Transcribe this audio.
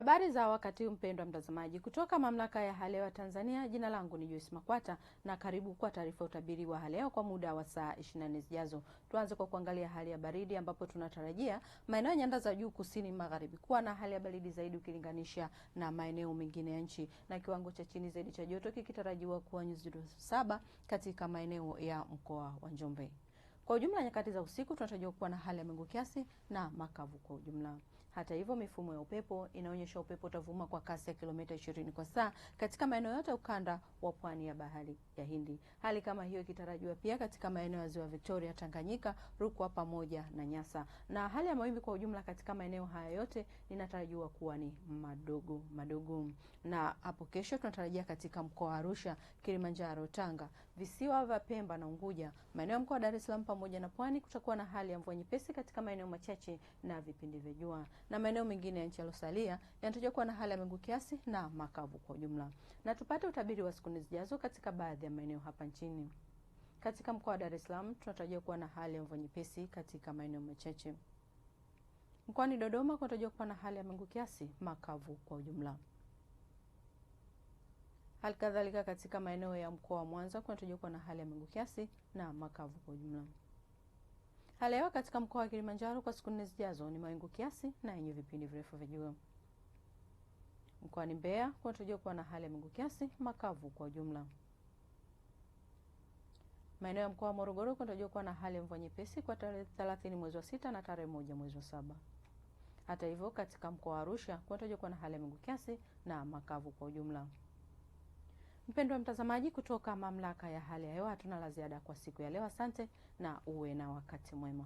Habari za wakati huu mpendwa mtazamaji, kutoka mamlaka ya Halewa Tanzania. Jina langu ni Joyce Makwata na karibu kwa taarifa ya utabiri wa haleo kwa muda wa saa 24 zijazo. Tuanze kwa kuangalia hali ya baridi, ambapo tunatarajia maeneo ya nyanda za juu kusini magharibi kuwa na hali ya baridi zaidi ukilinganisha na maeneo mengine ya nchi, na kiwango cha chini zaidi cha joto kikitarajiwa kuwa nyuzi joto saba katika maeneo ya mkoa wa Njombe. Kwa ujumla, nyakati za usiku tunatarajiwa kuwa na hali ya mawingu kiasi na makavu kwa ujumla. Hata hivyo, mifumo ya upepo inaonyesha upepo utavuma kwa kasi ya kilomita 20 kwa saa katika maeneo yote ukanda wa pwani ya bahari ya Hindi. Hali kama hiyo ikitarajiwa pia katika maeneo ya ziwa Victoria, Tanganyika, Rukwa pamoja na Nyasa, na hali ya mawimbi kwa ujumla katika maeneo haya yote inatarajiwa kuwa ni madogo madogo. Na hapo kesho tunatarajia katika mkoa wa Arusha, Kilimanjaro, Tanga, visiwa vya Pemba na Unguja, maeneo ya mkoa wa Dar es Salaam pamoja na pwani kutakuwa na hali ya mvua nyepesi katika maeneo machache na vipindi vya jua, na maeneo mengine ya nchi yaliyosalia yanatarajiwa kuwa na hali ya mawingu kiasi na makavu kwa ujumla. Na tupate utabiri wa siku zijazo katika baadhi ya maeneo hapa nchini. Katika mkoa wa Dar es Salaam tunatarajia kuwa na hali ya mvua nyepesi katika maeneo machache. Mkoani Dodoma kunatarajiwa kuwa na hali ya mawingu kiasi makavu kwa ujumla. Halikadhalika katika maeneo ya mkoa wa Mwanza kunatarajiwa kuwa na hali ya mawingu kiasi na makavu kwa ujumla. Hali katika mkoa wa Kilimanjaro kwa siku nne zijazo ni mawingu kiasi na yenye vipindi virefu vya jua. Mkoani Mbeya kunatarajiwa kuwa na hali ya mawingu kiasi makavu kwa ujumla. Maeneo ya mkoa wa Morogoro kunatarajiwa kuwa na hali ya mvua nyepesi kwa tarehe 30 mwezi wa sita na tarehe moja mwezi wa saba. Hata hivyo, katika mkoa wa Arusha kunatarajiwa kuwa na hali ya mawingu kiasi na makavu kwa ujumla. Mpendwa mtazamaji, kutoka mamlaka ya hali ya hewa hatuna la ziada kwa siku ya leo. Asante na uwe na wakati mwema.